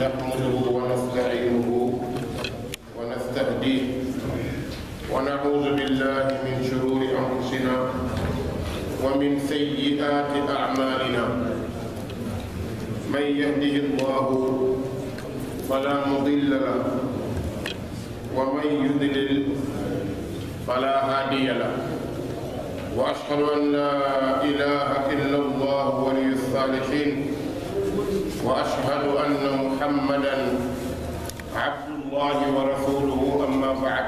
نحمده ونستعينه ونستهديه ونعوذ بالله من شرور أنفسنا ومن سيئات أعمالنا من يهده الله فلا مضل له ومن يضلل فلا هادي له وأشهد أن لا إله إلا الله ولي الصالحين واشهد ان محمدا عبد الله ورسوله اما بعد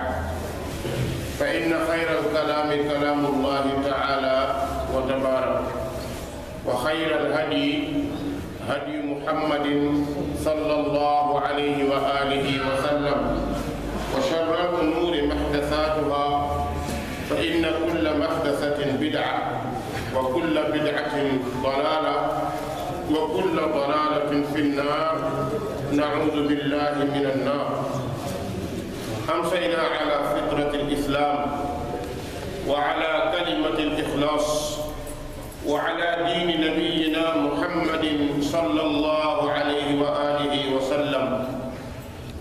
فان خير الكلام كلام الله تعالى وتبارك وخير الهدي هدي محمد صلى الله عليه واله وسلم وشر الامور محدثاتها فان كل محدثه بدعه وكل بدعه ضلاله وكل ضلاله النار نعوذ بالله من النار أمسينا على فطرة الإسلام وعلى كلمة الإخلاص وعلى دين نبينا محمد صلى الله عليه وآله وسلم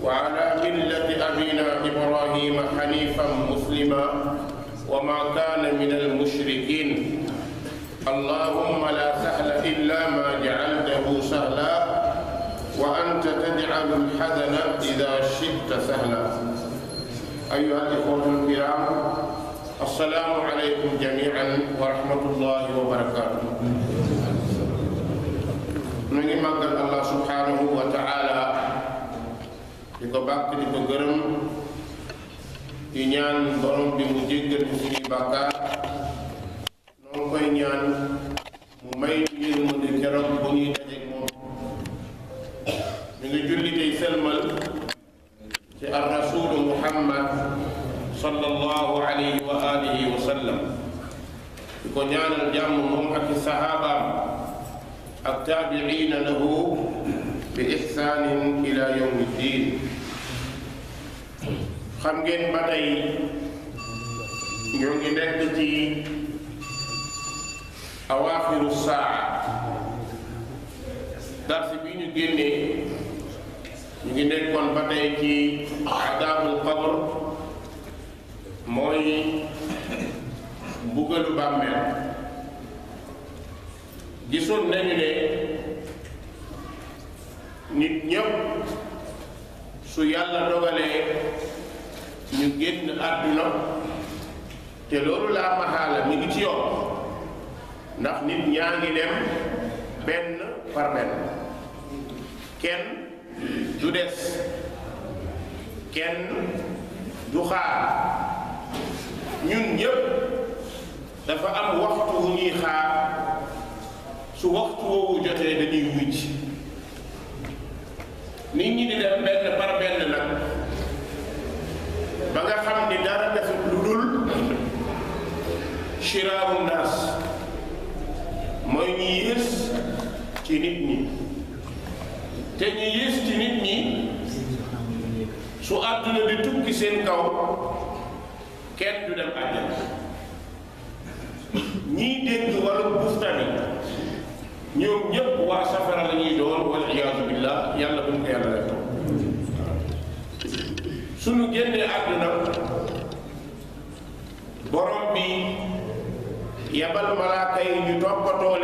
وعلى ملة أبينا إبراهيم حنيفا مسلما وما كان من الم لنا إذا شئت سهلا أيها الإخوة الكرام السلام عليكم جميعا ورحمة الله وبركاته ñu ngi màggal Allah subhanahu wa ta'ala di ko bàkk di ko gërëm di ñaan borom bi mu jéggal suñuy bàkkaar noonu koy ñaan sallallahu alayhi wa alihi wa sallam di ko ñaanal jàmm moom ak saxaabaam ak taabiina lahu bi ihsaanin ila yawmi ddin xam ngeen ba tey ñoo ngi nekk ci awaaxiru saa darsi bi ñu génnee ñu ngi nekkoon ba tey ci adaabul qabr mooy mbugalu bàmmeel gisoon nañu ne nit ñëpp su yàlla dogalee ñu génn àdduna te loolu laa maxaala mi ngi ci yoon ndax nit ñaa ngi dem benn par benn kenn du des kenn du xaar ñun ñëpp dafa am waxtu wu ñuy xaar su waxtu woowu jotee dañuy wujj nit ñi di dem benn par benn nag ba nga xam ni dara defut lu dul shiraaru naas mooy ñi yées ci nit ñi te ñi yées ci nit ñi su àdduna di tukki seen kaw kenn du dem àjjana ñiy dégg wala buftani ñoom ñëpp waa safara la doon wala iyaasu billah yàlla bu ñu ko yàlla def suñu génnee àdduna borom bi yabal malaaka yi ñu toppatoo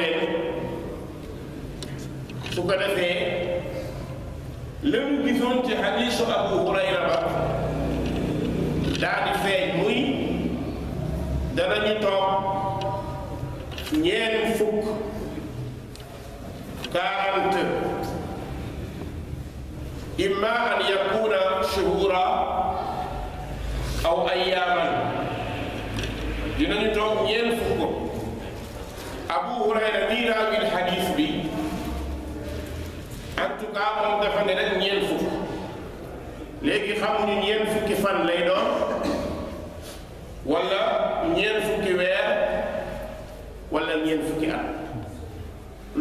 su ko defee la gisoon ci hadiisu Abu Hurayra ba daa feeñ muy danañu toog ñeent fukk quarante imma an yakuna shuhura aw ayyaaman dinañu toog ñeent fukk Abu Hurayra nii laa bi en tout cas moom dafa ne rek ñeent fukk léegi xamuñu ñeent fukki fan lay doon.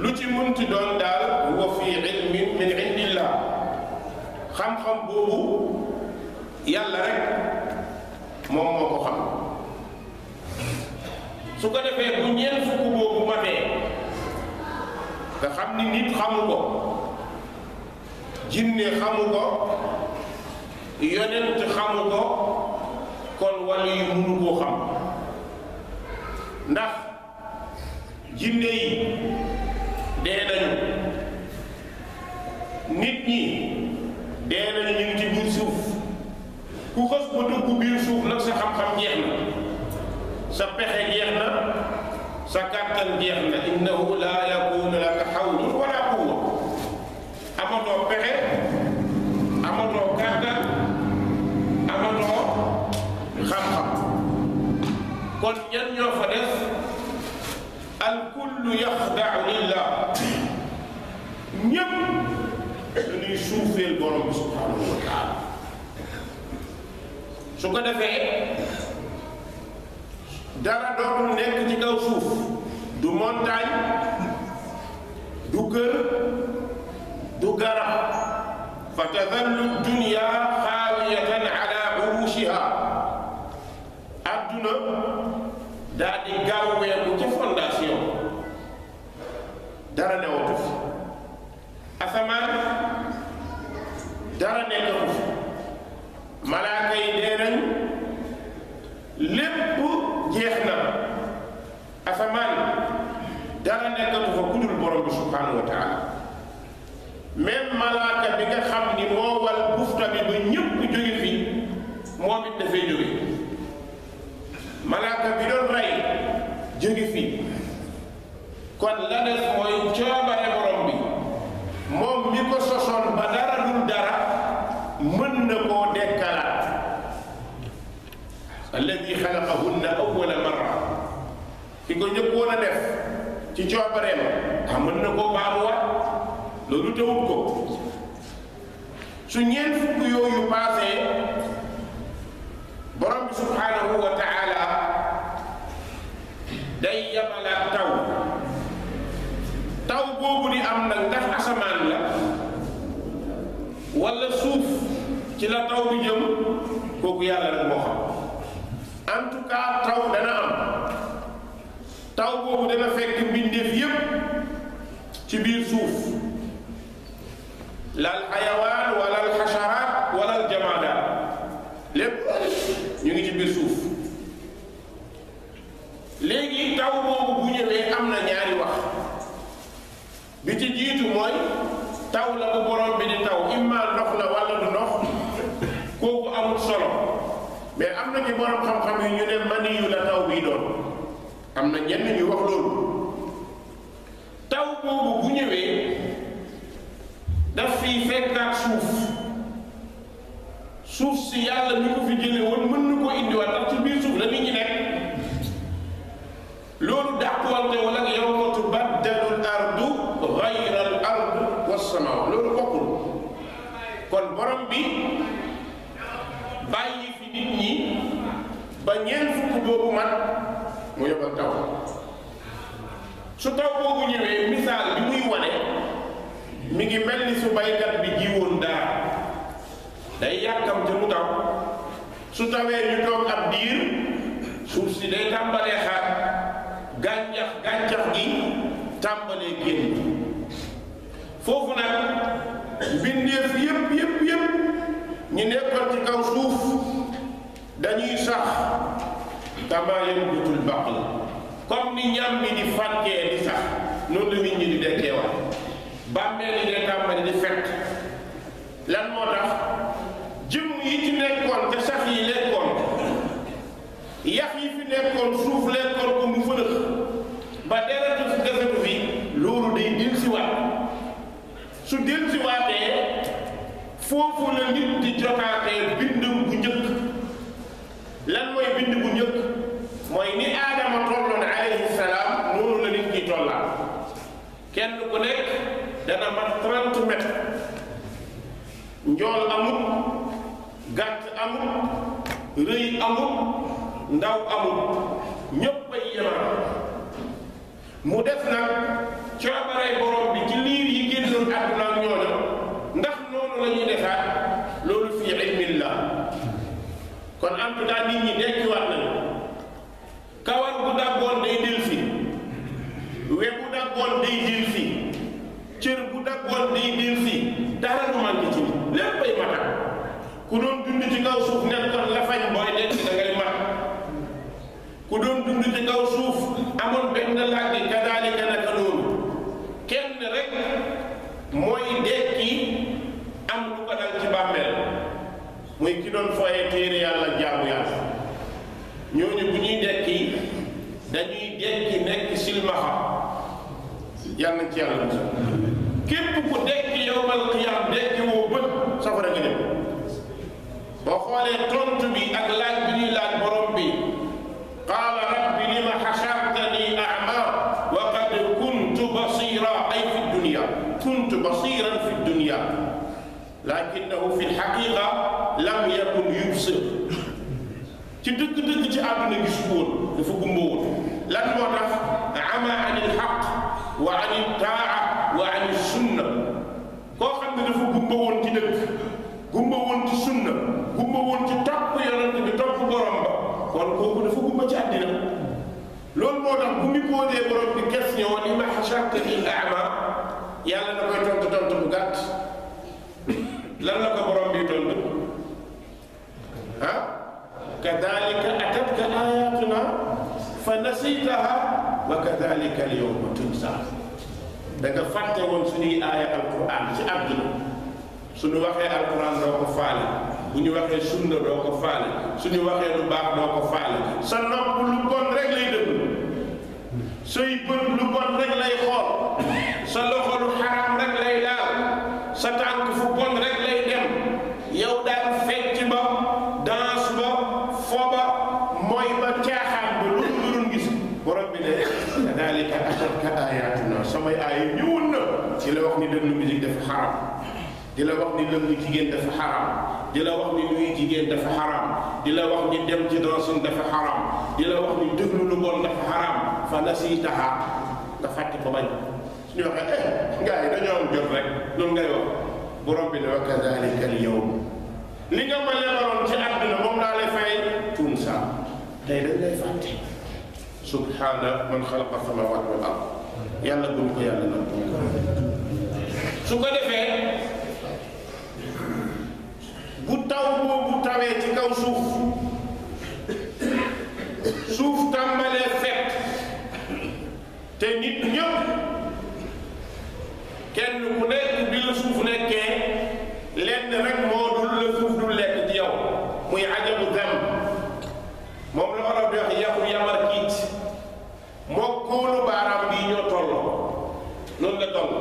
lu ci ci doon daal huwa fi ilmin min indillah xam-xam boobu yàlla rek moom moo ko xam su ko defee bu ñeent fukk boobu matee nga xam ni nit xamu ko jinne xamu ko yonent xamu ko kon wàll yi mënu koo xam ndax jinne yi dee nañu nit ñi dee nañu ñu ngi ci biir suuf ku xës ba dugg biir suuf nag sa xam-xam jeex na sa pexe jeex na sa kàttan jeex na innahu laa yakuunu laka xawlun wala quwwa amatoo pexe amatoo kàttan amatoo xam-xam kon ñan ñoo fa def al kullu yaxdau lillah suufeel su ko defee dara dootul nekk ci kaw suuf du montagne du kër du garab fa tazallu dunya xaawiyatan ala urushiha adduna daal gaaw weeku ca fondation dara newatu fi asamaan dara nekk malaaka yi dee nañ lépp jeex na asamaan dara nekkatu fa ku dul borom bi subhanahu wa taala malaaka bi nga xam ni moo wal bufta bi ba ñëpp jóge fi moom it dafay jóge malaaka bi doon rey jóge fi kon la def mooy ci coobareem ndax mën na koo baamuwaat loolu tewut ko su ñeent fukk yooyu paasee borom bi subhanahu wa day yamalaat taw taw boobu di am nag ndax asamaan la wala suuf ci la taw bi jëm kooku yàlla nag moo xam en taw dana taw boobu dana fekk mbindeef yépp ci biir suuf laal xayawaan wala al xasaraat wala al jamaadaat lépp ñu ngi ci biir suuf léegi taw boobu bu ñëwee am na ñaari wax bi ci jiitu mooy taw la bu borom bi di taw imma ndox la wala du ndox kooku amul solo mais am na ci borom xam-xam yi ñu ne maniyu la taw bii doon am na ñenn ñu wax loolu taw boobu bu ñëwee daf fiy fekkaat suuf suuf si yàlla ñu ko fi jële woon mën na koo indiwaat ndax ci biir suuf la nit ñi nekk loolu dàquwante wala yawma tubaddalu al ardu ghayra ardu wassamaaw loolu bokkul kon borom bi bàyyi fi nit ñi ba ñeent fukk boobu man mu yebal taw su taw boobu ñëwee misaal bi muy wane mi ngi mel ni su baykat bi jiwoon dara day yàkkamte mu taw su tawee ñu toog ab diir suuf si day tàmbalee xaar gàncax gàncax gi tàmbalee génn foofu nag mbindeef yépp yépp ñu nekkoon ci kaw suuf dañuy sax kamaa yanbatul baql comme ni ñam bi di fànkee di sax noonu la nit di dekkee wax bàmmeel yi day tàmbali di fekk lan moo tax jëm yi ci nekkoon te sax yi lekkoon yax yi fi nekkoon suuf lekkoon ko mu fëlëx ba deretu si defetu fi loolu day dil si waat su dil si waatee foofu la nit di jotaat amul ndaw amul ñëpp ay yemaa mu def nag coobaree borom bi ci liir yi génnoon àdduna ak ñooña ndax noonu lañuy ñuy defaat loolu fii ilmillah kon en tout nit ñi denc waat na الدنيا كنت بصيرا في الدنيا لكنه في الحقيقة لم يكن يبصر ci dëgg dëgg ci àdduna gis woon dafa gumba woon lan moo tax ama an il xaq wa an il taa wa an il sunna koo xam ne dafa gumba woon ci dëgg gumba woon ci sunna gumba woon ci topp yonent bi topp borom ba kon kooku dafa gumba ci àddina loolu moo tax bu ñu posé borom bi question li ma xashartani al ama yàlla na koy tontu tontu bu gàtt lan la ko borom bi tontu ah kadalika atatka ayatuna fa nasitaha wa kadalika al yawma tunsa da nga fàtte woon suñuy aaya alquran ci àdduna suñu waxee alquran doo ko faale bu ñu waxee sunna doo ko faale suñu waxee lu baax doo ko faale sa nopp lu bon rek lay dëgg sooy bët lu bon rek lay xool sa loxo di la wax ni lëngu jigéen dafa xaraam di la wax ni luy jigéen dafa xaraam di la wax ni dem ci dansin dafa xaraam di la wax ni déglu lu bon dafa xaraam fa nasitaha nga fàtte ko bañ suñu waxee eh gars yi dañoo am jot rek loolu ngay wax borom bi ne wa kadalika al yawm li nga ma lebaloon ci àdduna moom laa lay fay tuum saa tey dañ lay fàtte subhaana man xalaqa samawaat wal ard yàlla bu ko yàlla na su ko defee tàmbalee ci kaw suuf suuf tàmbalee fet te nit ñëpp kenn ku nekk bi suuf nekkee lenn rek moo dul la suuf dul lekk ci yow muy ajabu dem moom la war a yamar kiit moo kóolu baaraam bii ñoo tolloo noonu la toll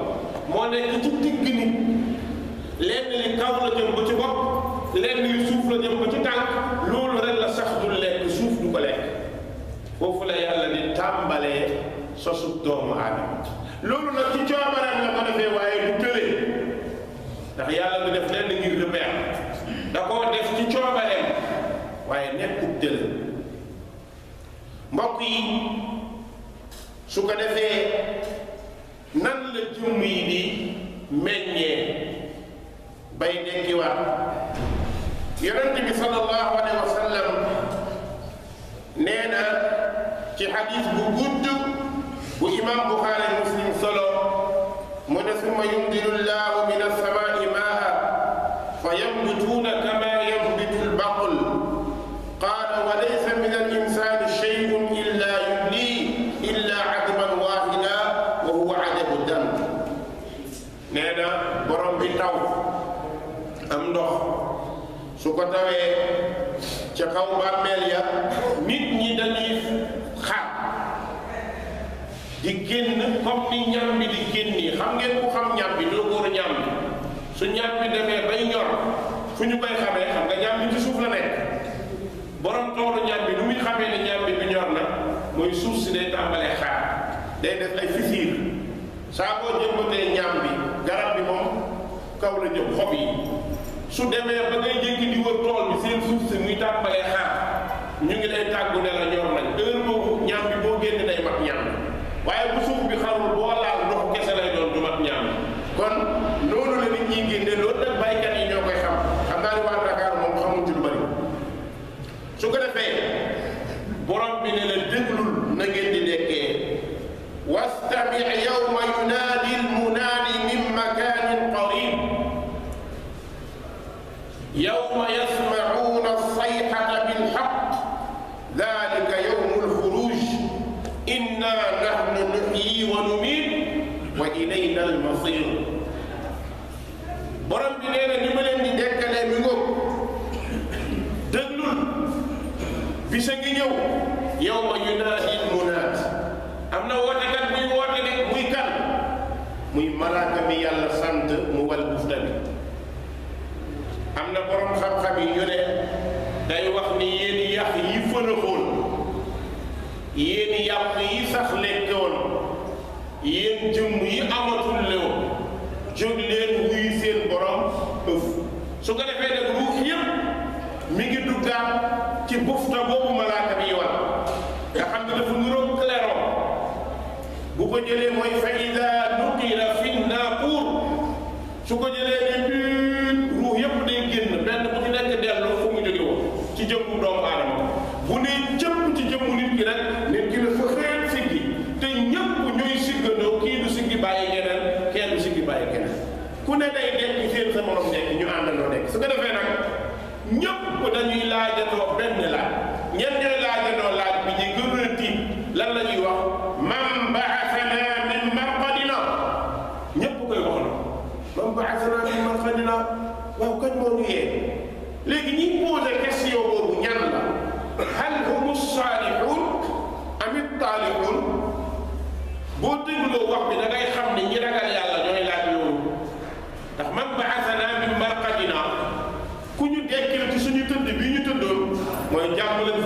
moo nekk ci digg nit lenn li kaw la jëm ba ci bopp lenn yu suuf la jëm ba ci tànk loolu rek la sax du lekk suuf du ko lekk foofu la yàlla di tàmbalee sosu doomu aadama loolu nag ci coobareem la ko defee waaye du tëlee ndax yàlla du def lenn ngir rëpeer da koo def ci coobareem waaye nekkul tëlee mbokk yi su ko defee nan la jëmm yi di meññee bay nekkiwaat yonent bi sallallahu alayhi wa sallam nee na ci xadis bu gudd bu imam buxaari muslim solo mu ne summa yumdilu llahu min asamaai maa fa yambutuuna bi ñam bi di génnee xam ngeen ku xam ñam bi doo góor ñam bi su ñam bi demee bay ñor fu ñu koy xamee xam nga ñam bi ci suuf la nekk borom toolu ñam bi nu muy xamee ne ñam bi bi ñor na mooy suuf si day tàmbalee xaar day def ay fisiir saa boo jëmbatee ñam bi garab bi moom kaw la jëm xob yi su demee ba ngay jékki di wër tool bi seen suuf si muy tàmbalee xaar ñu ngi lay tàggu ne la ñor nañ heure boobu ñam bi boo génn day mat ñam waaye bu suuf bi xarul boo laal ndox kese lay bis a ngi ñëw yow ma yunaahi munaat am na wootekat buy woote de muy kan muy malaaka mi yàlla sant mu wal bufta bi am na borom xam-xam yi ñu ne day wax ni yéen yàq yi fënaxoon yéen yàq yi sax lekkoon yéen jëmm yi amatul lewoon jóg wuy seen borom ëf su ko defee nag ruux yëpp mi ngi duggaat ci bufta jëlee mooy fa ida nuqira fi naaquur su ko jëlee ni biir ruux yëpp day génn benn bu ci nekk dellu fu mu jóge woon ci jëmmu doomu aadama bu ne jëpp ci jëmmu nit ki rek nit ki su xëy siggi te ñëpp ñuy siggandoo kii du siggi bàyyi geneen kenn siggi bàyyi geneen ku ne day nekk seen sa morom nekk ñu àndandoo nekk su ko defee nag ñëpp dañuy laajandoo benn laaj ñen ñooy laaj bi ñuy gën a tiit la ñuy wax mooy jàppale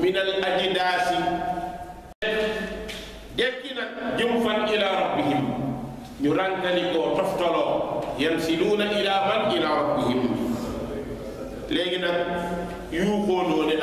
minal ajidaasi dekki nag jëm fan ila rabbihim ñu rànkalikoo toftaloo yansiluuna ila man ila rabbihim léegi nag yuuxoo noonu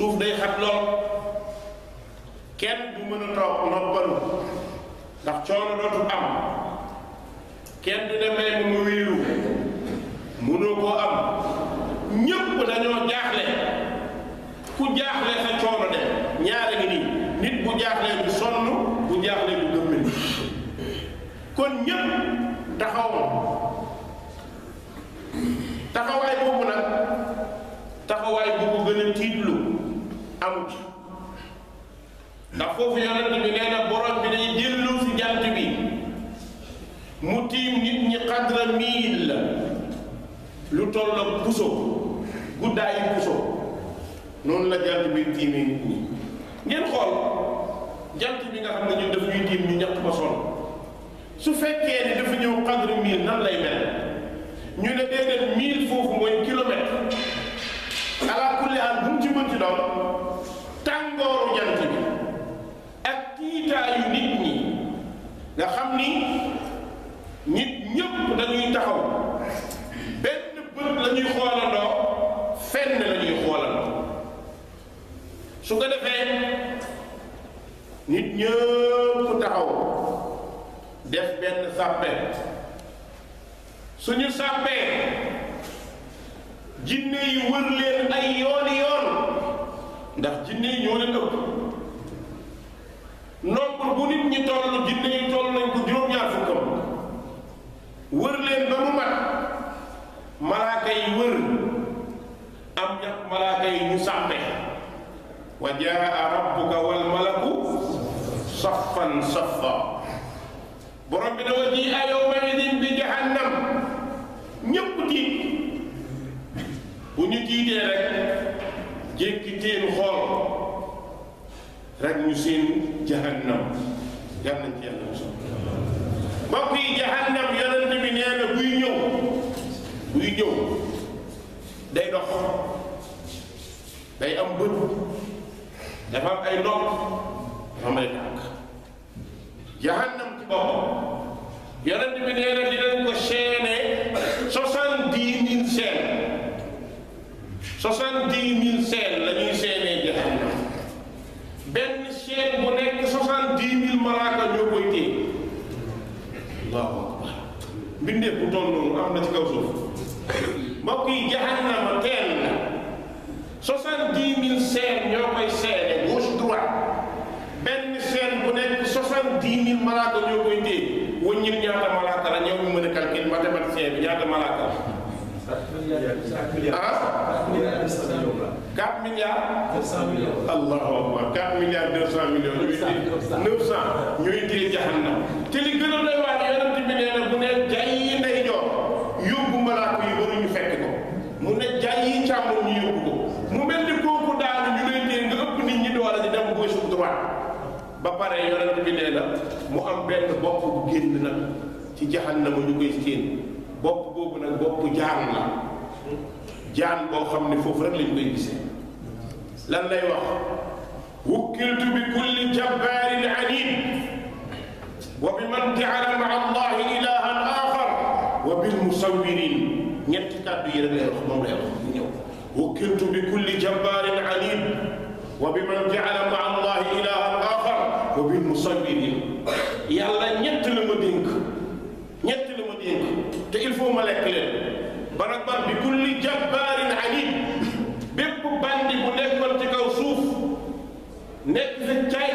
suuf day xat lool kenn du mën a toog noppalu ndax coono dootul am kenn du demee mu wiiru mënoo koo am ñëpp dañoo jaaxle ku jaaxle sa foofu yonent bi nee na borom bi day dellu si jant bi mu tiim nit ñi xadra miil la lu tolloog puso guddaayu puso noonu la jant bi tiimee nit ngeen xool jant bi nga xam ne ñun daf ñuy tiim ñu ñett ba sonn su fekkee ni dafa ñëw xadra miil nan lay mel ñu ne déedéet miil foofu mooy kilomètre ala kulli an bu mu ci mënti nga xam ni nit ñëpp dañuy taxaw benn bët la ñuy xoolandoo fenn la ñuy su ko defee nit ñëpp taxaw def benn sàppe suñu sàppee jinne yi wër leen ay yooni yoon ndax jinne yi ñoo leen nombre bu nit ñi toll jinne yi toll nañ ko juróom-ñaar fukkam wër leen ba mu mat wër am ñax malaaka ñu sàmme wa jaa rabbuka wal malaku saffan saffa borom bi dafa a yawma idin bi jahannam ñëpp tiit bu ñu tiitee jékki teen xool rek ñu seen jahannam yal nañ ci yàlla mos mbokk yi jahannam yonent bi nee na buy ñëw buy ñëw day dox day am bët dafa ay ndox dafa am ay tànk jahannam ci boppam yonent bi nee na dinañ ko chaîné soixante-dix mille chaînes soixante-dix mille chaînes la dix mille malaaka ñoo koy téye allahu akbar mbindeef bu toll noonu am na ci kaw suuf mbokk yi jahannama teel la soixante dix mille seen ñoo koy seede gauche droite benn seen bu nekk soixante dix mille malaaka ñoo koy téye wëññil ñaata malaaka la ñëw ñu mën a calcul mathématicien bi ñaata malaaka la ah 4 milliards. 900 millions allahu akbar 4 milliards 200 ñuy téye jahannam te li gën a doy waar yonent bi nee na bu ne jaay ndey yóbbu malaaka yi waruñu fekk ko mu ne jaay yi ñu yóbbu ko mu mel ni kooku daanu ñu lay nga ëpp nit ñi doole di dem gauche ou droite ba pare yonent bi nee mu am benn bopp bu génn nag ci jahannama ñu koy séen bopp boobu nag bopp jaan la jaan boo xam ne foofu rek lañ koy gisee. lan lay wax wukkiltu bi kulli jabbaarin anid wa bi man jaala maa allahi ilahan axar wa bil musawirin ñetti kàddu yi rek lay wax moom lay wax mu ñëw wukkiltu bi kulli jabbaarin anid wa bi man jaala maa allahi ilahan axar wa bil musawirin yàlla ñett la ma dénk ñett la ma dénk te il faut ma lekk leen ban ak ban bi kulli jabbaar nekk fi caay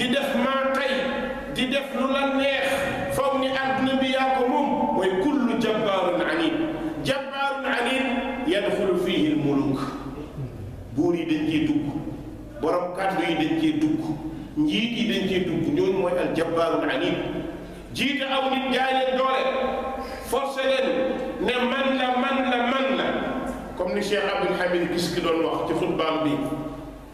di def maa tey di def lu la neex foog ni àdduna bi yaa ko moom mooy kullu jabbaarun anid jabbaarun anid yadxulu fihi l muluk buur yi dañ ciy dugg borom kàddu yi dañ ciy dugg njiit yi dañ ciy dugg ñooñu mooy al jabbaarun anid jiite aw nit jaay leen doole forcé leen ne man la man la man la comme ni Cheikh Abdoul Hamid gis ki doon bi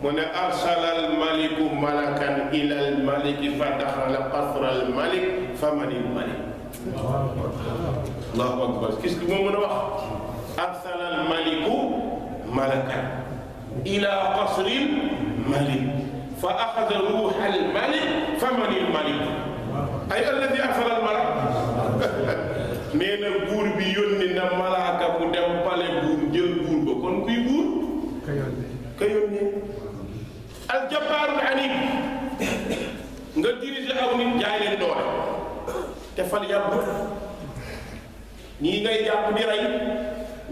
mu ne arsala almaliku malakan ila almaliki fa daxala qasra almalik fa mani almalik allahu akbar gis nga moo mën a wax arsala almaliku malakan ila qasri almalik fa axada ruuxa almalik fa mani almalik ay alladi arsala almalak nee na buur bi yónni na malaaka bu dem pale buur jël buur ba kon kuy buur ka yónni aljabaarul anib nga diriger aw nit jaay leen doole te fal yàbb ñii ngay jàpp di rey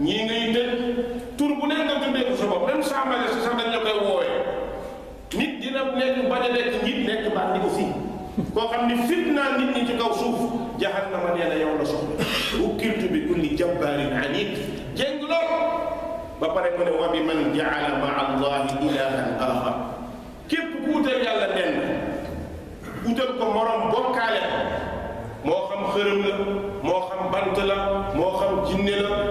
ñii ngay tëj tur bu leen nga tuddee ko sa bopp même sambale si sax woowee nit dina nekk bañ a nekk nit nekk baax ni aussi koo xam ni fitnaa nit ñi ci kaw suuf jahannama nee na yow la soxla wukkiltu bi kulli jabbaarin anid jéng lool ba pare ko ne wa bi man jaala maa allahi ilahan axar képp ku wutal yàlla lenn wutal ko morom bokkaale ko moo xam xërëm la moo xam bant la moo xam jinne la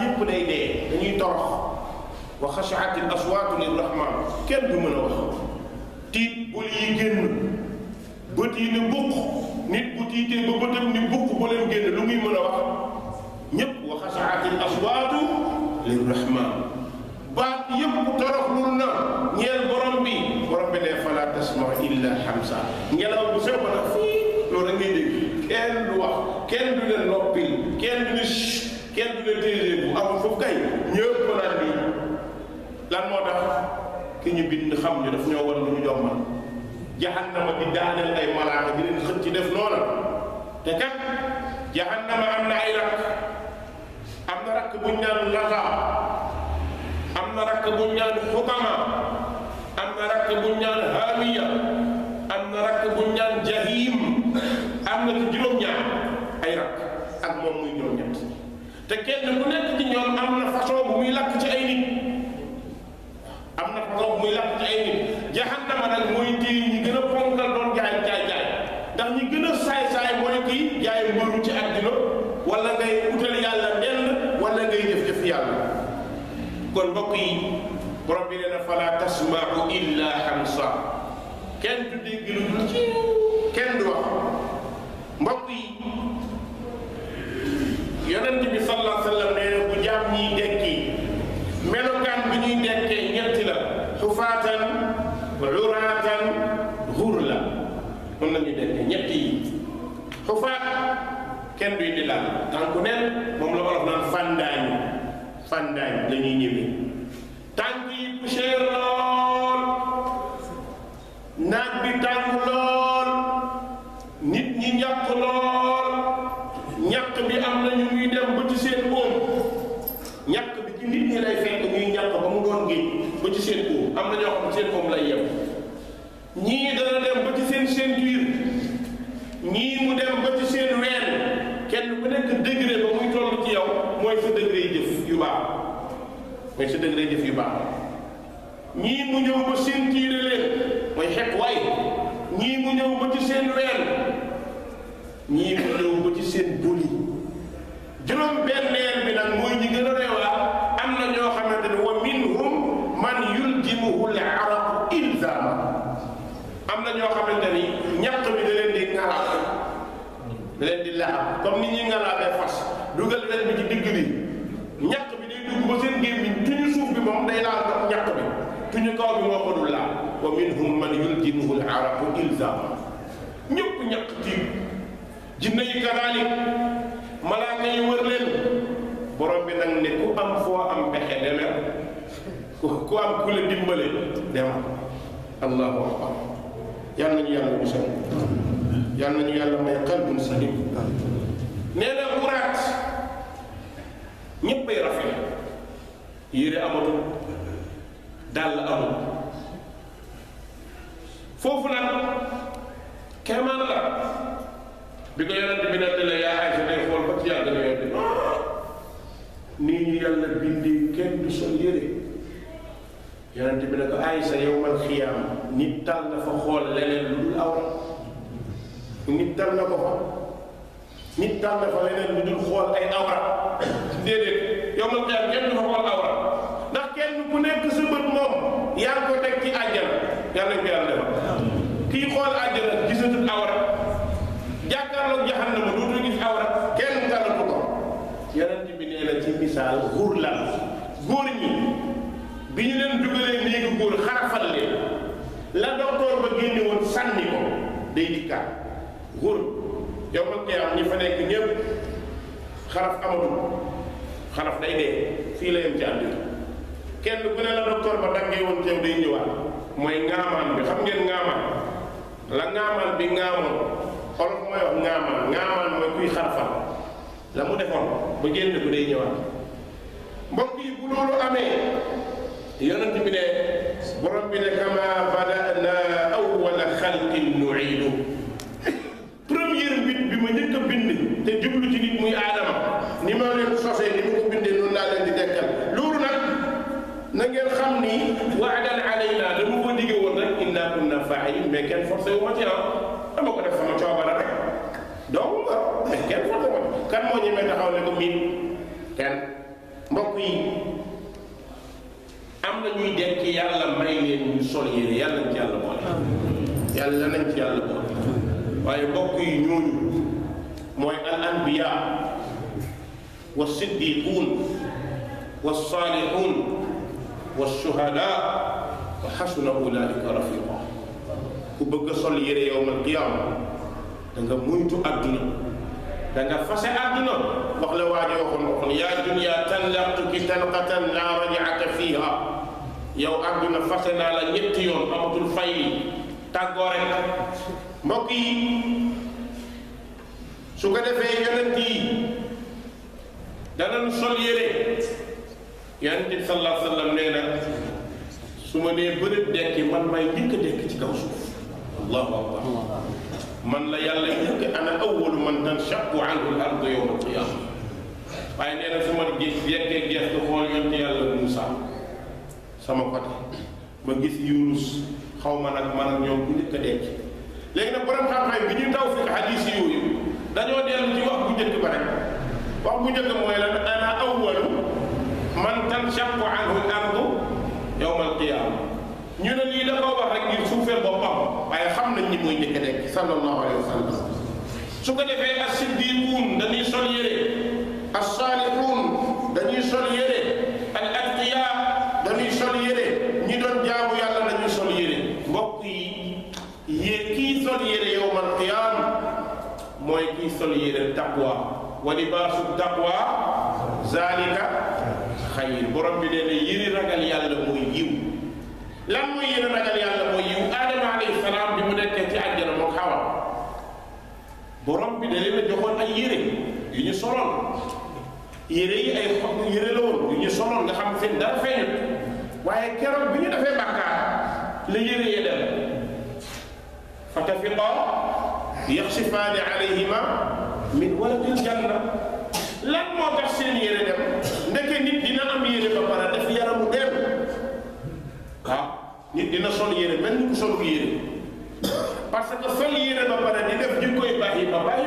yépp day dee dañuy torox wa xashaati l aswaatu lirrahman kenn du mën a wax tiit bul yi génn bët yi ne bukk nit bu tiitee ba bëtam ni bukk ba leen génn lu muy mën a wax ñépp wa xashaati l aswaatu lirrahman baat yépp torox lul na ñeel borom bi borom bi ne fala tasma illa hamsa ngelaw bu sew ba nag fii loolu da ngay dégg kenn du wax kenn du ne noppil kenn du ne kenn du leen téere bu amul foofu kay ñëpp ko naan bi lan moo tax ki ñu bind xam ñu daf ñoo war lu ñu jommal jahannama di daaneel ay malaaka di leen xëcc def noona te kat jahannama am na ay rakk am na rakk bu ñu naan am na rakk bu ñu naan am na rakk bu ñu naan te kenn ku nekk Fandañ la ñuy ñëwee foofu nag kéemaan la bi ko yonent bi nettalee yaa Aysa day xool ba ci yàlla ne yonent nii yàlla bindee kenn du sol yére yonent bi ne ko Aysa yawmal xiyaam nit tal na fa xool leneen lu dul awra nit tal na ko fa nit tal na fa leneen lu dul xool ay awra déedéet yawmal xiyaam kenn du fa awra ndax kenn ku nekk sa bët moom yaa ko teg ci àjjana yàlla nañ ko yàlla defal kii xool àjjana gisatul awra jàkkaarloog jahannama dootul gis awra kenn talatu ko yonent bi nee na ci misaal góor la góor ñi bi ñu leen dugalee néegi góor xarafal leen la docteur ba génne woon sànni ko day dikkaat góor yow man kay am ñi fa nekk ñëpp xaraf amatul xaraf day dee fii la yem ci kenn ku ne la docteur ba dangee woon teew day ñëwaat mooy ŋaamaan bi xam ngeen ŋaamaan la ŋaamaan bi ŋaamoon xolof mooy wax ŋaamaan ŋaamaan mooy kuy xarfal la mu defoon ba génn ko day ñëwaat mbokk yi bu loolu amee yonent bi ne borom bi ne kama bada mais kenn forcé wu ma ci ah dama ko def sama coobara rek donc mais kenn forcé wu ma kan moo ñemee taxaw ne ko miin kenn mbokk yi am na ñuy denc yàlla may leen ñu sol yére yàlla nañ ci yàlla boole yàlla nañ ci yàlla boole waaye mbokk yi ñooñu mooy al anbiya wa siddiquun wa saalixuun wa shuhadaa wa xasuna ulaika rafiqa ku bëgg a sol yére yow qiyaam da nga muytu àdduna da nga fase àdduna wax la waa waxoon waxoon yaa dunya tallaqtuki talqatan laa rajaata fiiha yow àdduna fase naa la ñetti yoon amatul fay yi tàggoo rek mbokk yi su ko defee yonent yi danañ sol yére yonent bi sallallahu alayhi wa sallam nee na su ma nee bërëb dekki man may njëkk a dekk ci kaw suuf allahu akbar man la yàlla njëkk ana awwalu man tanshaqqu anhu al-ardu yawma al-qiyaama waaye nee na su ma gis yeggee gestu xool yonent yàlla Muusa sama côté ma gis Yunus xaw ma nag man ak ñoom bu njëkk a denc léegi nag borom xam-xam bi ñu taw fi xadiis yooyu dañoo dellu ci wax bu njëkk ba rek wax bu njëkk mooy lan ana awwalu man tanshaqqu anhu al-ardu yawma al-qiyaama ñu ne sallallahu alayhi wa sallam su ko defee as-siddiquun dañuy sol yére as-saalihuun dañuy sol yére al atqiya dañuy sol yére ñi doon jaamu yàlla dañuy sol yére mbokk yi yéen kii sol yére yawmal qiyaam mooy kii sol yére taqwa wa libaasu taqwa zaalika xayr borom bi nee na yére ragal yàlla mooy yiw lan mooy yére ragal yàlla mooy yére yu ñu soloon yére yi ay xob yére la woon yu ñu soloon nga xam seen dara feeñut waaye keroog bi ñu defee bàkkaar la yére yee dem fa tafiqa yaxsifaani alayhima min waladil janna lan moo tax seen yére dem ndeke nit dina am yére ba pare def yaramu dem waaw ah, nit dina sol yére mel ni ku solul yére parce que sol yére ba pare di def jikkoy baax yi ba bàyyi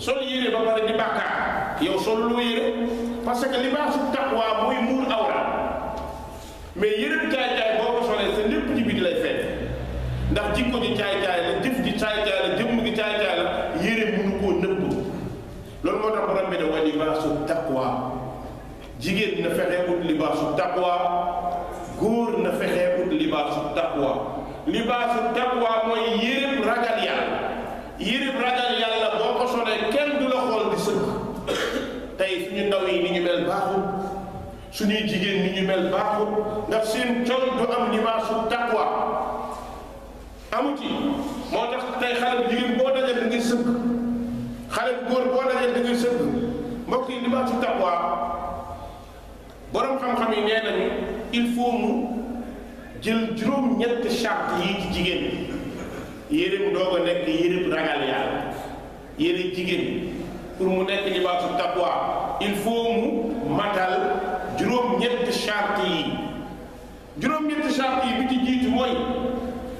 sol yére ba pare di bàkkaar yow sol loo yére parce que libaasu taqwa mooy mais yére caay lay fekk ndax jikko ji caay-caay la jëf ji caay mooy yére ragal yàlla yére ragal kenn du la xool di sëkk tey suñu ndaw yi ni ñu mel baaxul suñuy jigéen ni ñu mel baaxul ndax seen col du am limaasu taqwa amu ci moo tax tey xale bu jigéen boo dajal da ngay sëkk xale bu góor boo dajal da ngay sëkk mbokk yi limaasu taqwa borom xam-xam yi nee nañu il faut mu jël juróom-ñett charte yi jigéen yërëm doog a nekk yërëm ragal yàlla yéen jigéen pour mu nekk libaatu taqwa il faut mu matal juróom-ñetti charte yi juróom-ñetti charte yi bi ci jiitu mooy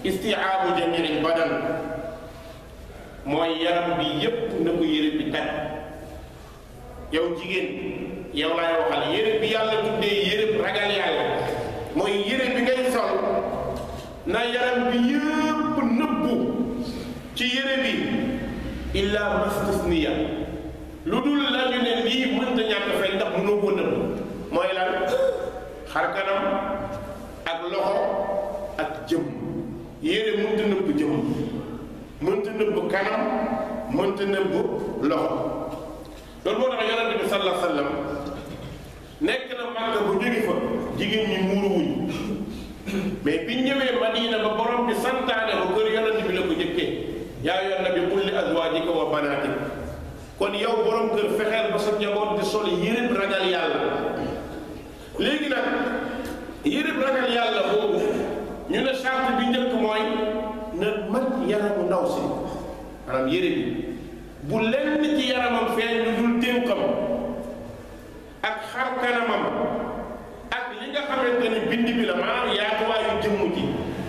istiaabu jamii badan mooy yaram bi yépp na ko yére bi taj yow jigéen yow laay waxal yére bi yàlla tuddee yére ragal yàlla mooy yére bi ngay sol na yaram bi yépp nëbbu ci yére bi illaa mastasniya lu dul la ñu ne lii mënta ñàkk feeñ ndax mënoo ko mooy lan xar kanam ak loxo ak jëm yére mënta nëbb jëm mënta nëbb kanam mënta nëbb loxo loolu moo tax yonente bi sallallahu alayhi wa sallam nekk na màkk bu jóge fa jigéen ñi muuru wuñ mais bi ñëwee Madina ba borom bi santaane ko kër yonente bi la ko jëkkee yaa azwaajikum wa banaatikum kon yow borom kër fexeel ba sa njaboot di sol yërëb ragal yàlla léegi nag yërëb ragal yàlla boobu ñu ne charte bi njëkk mooy na mat yaramu ndaw si maanaam yërëb bi bu lenn ci yaramam feeñ lu dul dénkam ak xar kanamam ak li nga xamante ni bind bi la maanaam yaatuwaayu jëmm ji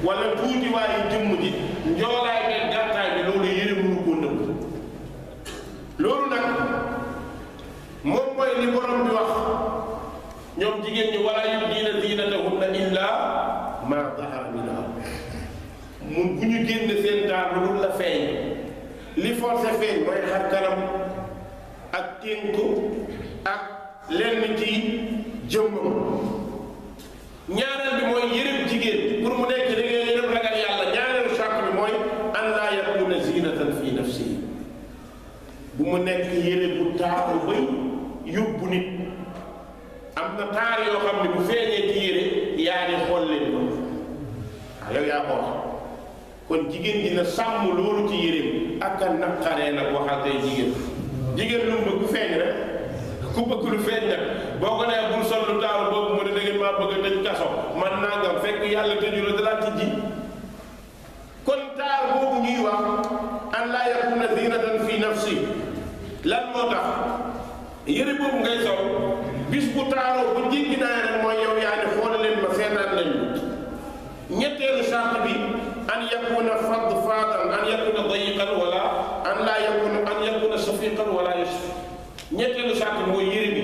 wala tuutiwaayu jëmm ji njoolaay ñoom jigéen ñi wala yubdiina ziinatahunna illaa maa dahara minhaa mun bu ñu génn seen taar la feeñ li forcé feeñ mooy xar ak ténku ak lenn ci jëmmam ñaareel bi mooy yërëm jigéen pour mu nekk da ngay yërëm ragal yàlla ñaareelu charte bi mooy an laa yakuna fi nafsihi bu mu nekk yére bu taaru bay yóbbu nit am na taar yoo xam ne bu feeñee ci yaa ni xool leen waaw ah, yow yaa ko kon jigéen dina sàmm loolu ci yéreem ak a naqaree nag waxal tey jigéen jigéen lu mu bëgg ku feeñ rek ku bëgg lu feeñ nag boo ko nee bul sol lu taaru boobu mu ne da ngeen bëgg a kaso man nangam fekk yàlla tëju la dara tijji kon taar boobu ñuy wax an laa yakuna zinatan fi nafsi lan moo tax yére boobu ngay sol bis bu taaroo bu jéggi naa rek mooy yow yaa ne xool leen ma seetaan nañ ñetteelu charte bi an yakuna fadfaatan an yakuna dayiqan wala an laa yakuna an yakuna safiqan wala yusuf ñetteelu charte bi mooy yére bi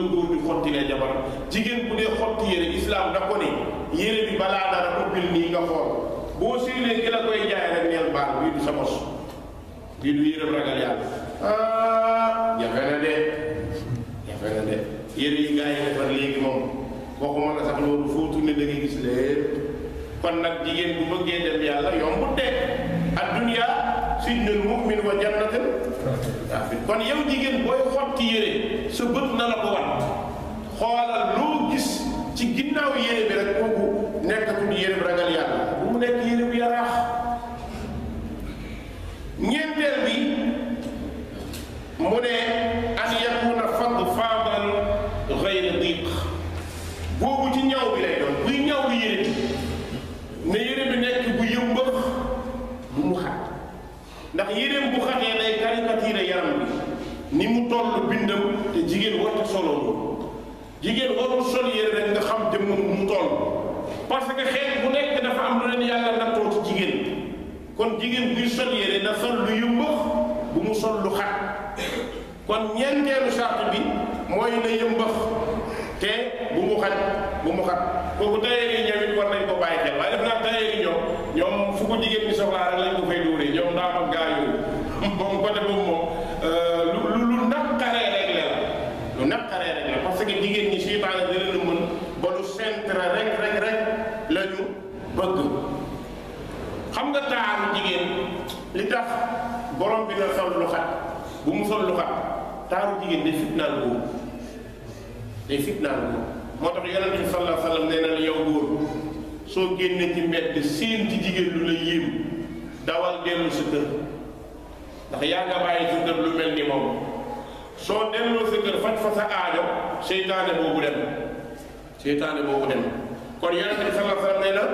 la góor di xottilee jabar jigéen bu dee xotti yére islam da ko ne yére bi balaa dara ubbil nii nga xool boo siilee ki la koy jaay rek neel baal bii du sa bos bii du yére ragal yàlla ah jafe de jafe de yére yi gaa yi defar léegi moom waxuma la sax loolu foo turne da ngay gis lépp kon nag jigéen bu bëggee dem yàlla yombut de ad dunya sijnul mu'min wa jannatul kaafir kon yow jigéen booy xotti yére sa bët na la ko wan xoolal ci ginnaaw yére bi rek ni mu toll bindam te jigéen warta solo loolu jigéen warul sol yére rek nga xam jëmm mu toll parce que xeet bu nekk dafa am lu leen yàlla nattoo ci jigéen kon jigéen buy sol yére na sol lu yëmbax bu mu sol lu xat kon ñeenteelu sart bi mooy na yëmbax te bu mu xat bu mu xat kooku tailleur yi ñoom it war nañ ko bàyyi xel waaye def naa tailleur yi ñoom ñoom fu ko jigéen ñi soxlaa rek lañ ko fay dóoree ñoom daa am gaa yooyu moom côté boobu jigéen day fitnaal góor day fitnaal góor moo tax yonent bi sallallahu alayhi wa sallam nee na la yow góor soo génnee ci mbedd seen ci jigéen lu la yéem dawal dellu sa kër ndax yaa nga bàyyi sa kër lu mel ni moom soo delloo sa kër faj fa sa aajo seytaane boobu dem seytaane boobu dem kon yonent bi sallallahu alayhi wa sallam nee na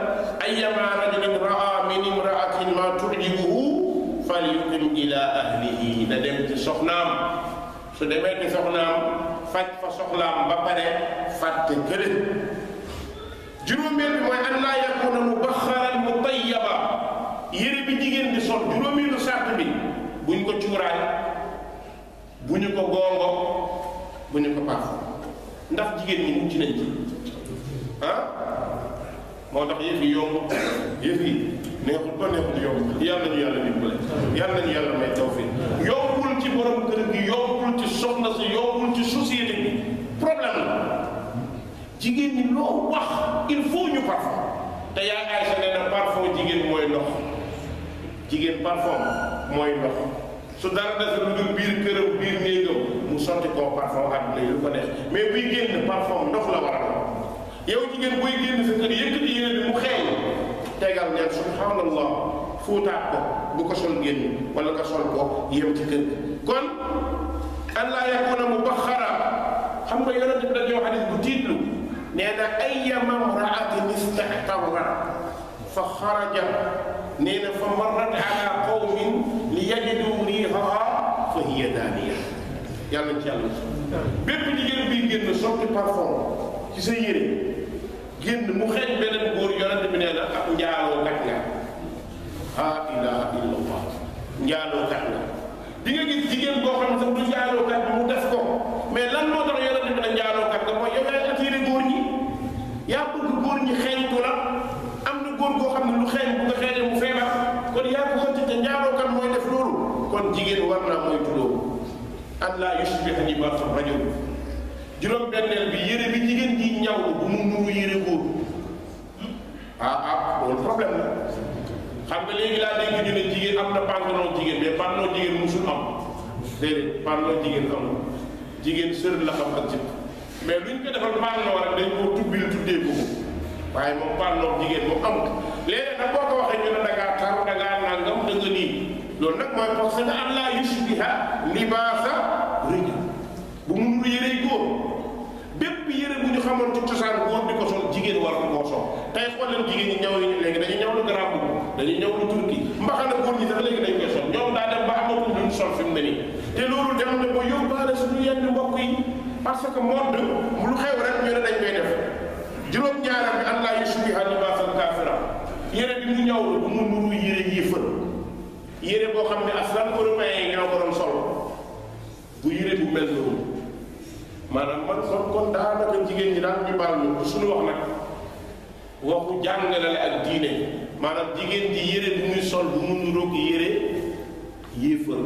ayyamaa rajulin raa min imraatin ma tujibuhu falyuqim ila ahlihi na dem ci soxnaam su demee ni soxnaam faj fa soxlaam ba pare fàtte kële juróomeel bi mooy an laa yakuna mubaxaran mu tayyaba yére bi jigéen bi sol juróomeelu sàrt bi buñ ko cuuraay bu ñu ko gongo bu ñu ko paaf ndax jigéen ñi mucc nañ ci ah moo tax yëf yi yomb yëf yi neexul ko neexul yomb yàlla ñu yàlla dimbale yàlla ñu yàlla may tawfiq yomb yombul ci borom kër gi yombul ci soxna si yombul ci société bi problème la jigéen ñi loo wax il faut ñu parfum te yaa Aysa nee na jigéen mooy ndox jigéen parfum mooy ndox su dara def lu dul biir këram biir néegam mu sotti koo parfum àdduna yi lu ko neex mais buy génn parfum ndox la war a yow jigéen buy génn sa kër yëkkati yére bi mu xeeñ tegal neen subhanallah fuutaat ko bu ko sol génn wala nga sol ko yem ci kër kon an laa yakuna mubaxara xam nga yonent bi dañoo xadis bu tiitlu nee na ayyama mraatin istahtarat fa xaraja nee na fa marrat ala qawmin li yajidu riihaha fa hiya daaniya yàlla ci yàlla bépp jigéen bii génn sotti parfum ci sa yére génn mu xeeñ beneen góor yonent bi nee na ak njaaloo kat nga laa ilaaha illallah njaaloo kat nga di nga gis jigéen boo xam ne sax du njaalookat bi mu def ko mais lan moo tax yonent bi ne njaalookat nga mooy yow yaay attiré yaa bëgg góor ñi xeeñtu la am na góor goo xam ne lu xeeñ bu nga xeeñee mu feebar kon yaa ko xëcc te njaalookat mooy def loolu kon jigéen war naa mooy tuddoo an laa yusbiha libaas rajul juróom benneel bi yére bi jigéen ji ñaw bu mu nuru yére góor ah ah loolu problème la xam nga léegi laa dégg ñu ne jigéen am na pantalon jigéen mais pantalon jigéen musul am déedéet pantalon jigéen amul jigéen sër la xam ak ci mais luñ ko defal pantalon rek dañ koo tubbil tuddee moom pantalon jigéen moom nag boo ko waxee ñu ne da ngaa tar da ngaa nangam da nga nii loolu nag mooy parce que an laa yushbiha libaasa rijal bu mu nuru yére góor bépp yére bu ñu xamoon ci cosaan góor di ko sol jigéen war ko tey xool leen jigéen ñi ñaw yi léegi dañuy ñaw lu grand boubou dañuy ñaw lu turki mbaxana góor ñi sax léegi dañ koy sol ñoom daa dem ba amatul luñ sol fi mu ne nii te loolu dem na ba yóbbaale suñu yenn mbokk yi parce que monde lu xew rek ñu ne dañ koy def juróom ñaara bi an laa yushbiha libaasal kaafira yére bi ñaw la boo xam ne aslan européen yi ñoo ko doon sol bu yére bu mel noonu maanaam man kon kon daanaka jigéen ñi daal ñu baal ñu suñu wax nag waxu jàngale la ak diine maanaam jigéen ji yére bu muy sol bu mu nuroog yére yéefar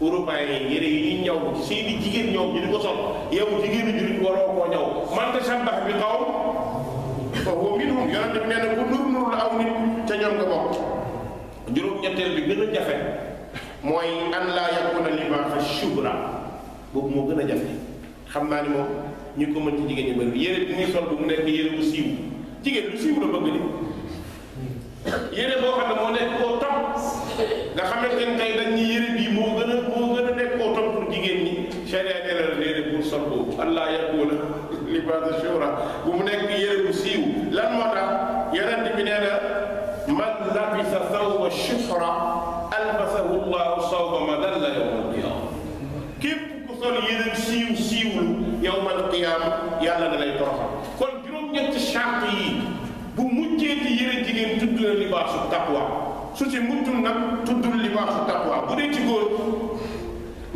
européen yi yére yi ñuy jigéen ñoom ñu di ko sol yow jigéenu jullit waroo koo ñaw man tashabbaha bi qawmin fa huwa minhum na ku nur nur la aw bokk juróom-ñetteel bi gën a jafe mooy an laa yakuna libaasa shubra boobu moo gën a jafe xam naa ni moom ñu ko mën ci jigéen ñi bëri yére bi muy sol bu mu nekk yére bu siiw jigéen lu siiw la bëgg ni yére boo moo nekk koo top nga xamante ne tey moo gën a moo gën a nekk koo top pour jigéen ñi charia nee na la yére pour sol boobu mu nekk yére bu siiw lan moo tax yonent bi nee na man labisa sawba shuhra maxaasu taqwa bu dee ci góor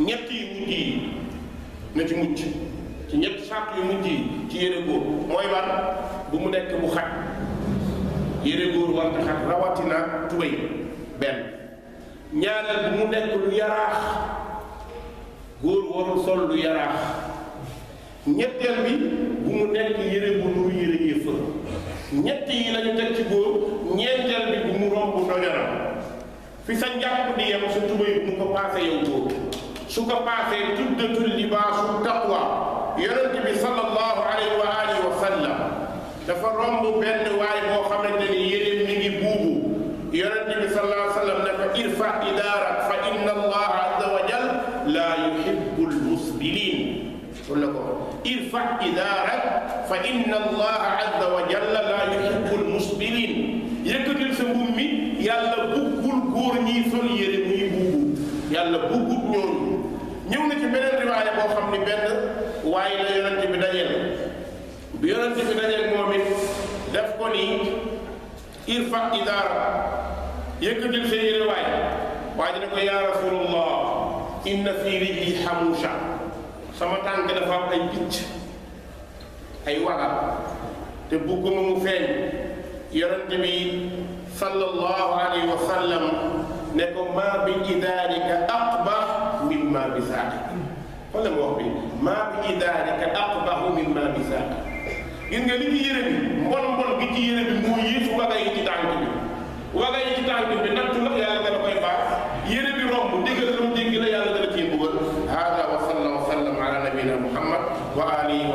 ñett yu mujj yi na ci mucc ci ñett sàrt yu mujj yi ci yére góor mooy war bu mu nekk bu xat yére góor war ta rawatina tubéy benn ñaareel bu mu nekk yaraax góor warul sol lu yaraax ñetteel bi bu mu nekk yére bu nuru yére yéefar ñett yi lañu teg ci góor ñeenteel bi bu mu romb dojaram fi sa njàpp di yem sa tubay bu mu ko paase yow tóor su ko paasee tuddatul libaasu taqwa yonent bi sallallahu alayhi wa alihi wa sallam dafa romb benn waay boo xamante ni yéreem mi ngi buubu yonent bi sallallahu alayhi wa sallam dafa irfa idaarak fa inna allaha azza wa jal laa yuhibbu lmusbilin wala ko irfa idaarak fa inna allaha azza wa jalla yàlla buggut ñooñu ñëw na ci beneen riwaaya boo xam ni benn waaye la yonent bi dajeel bi yonent bi dajeel moom def ko ni irfa idaara yëkkatil sa yére waay waa ji ne ko yaa rasulullah inna fi rijli xamuusha sama tànk dafa am ay picc ay waga te bugguma mu feeñ yonent bi sallallahu alayhi wa ne ko maa bi idaarika aqbax min maa bi saaqi fan la ma wax bi maa bi idaarika aqbaxu min maa bi saaqi gis nga li ci yére bi mbon mbon gi ci yére bi moo yéesu waga yi ci tànk bi waga yi ci tànk bi natt la yàlla dana koy baax yére bi romb dégg la lu dégg la yàlla dana cee nabina muhammad wa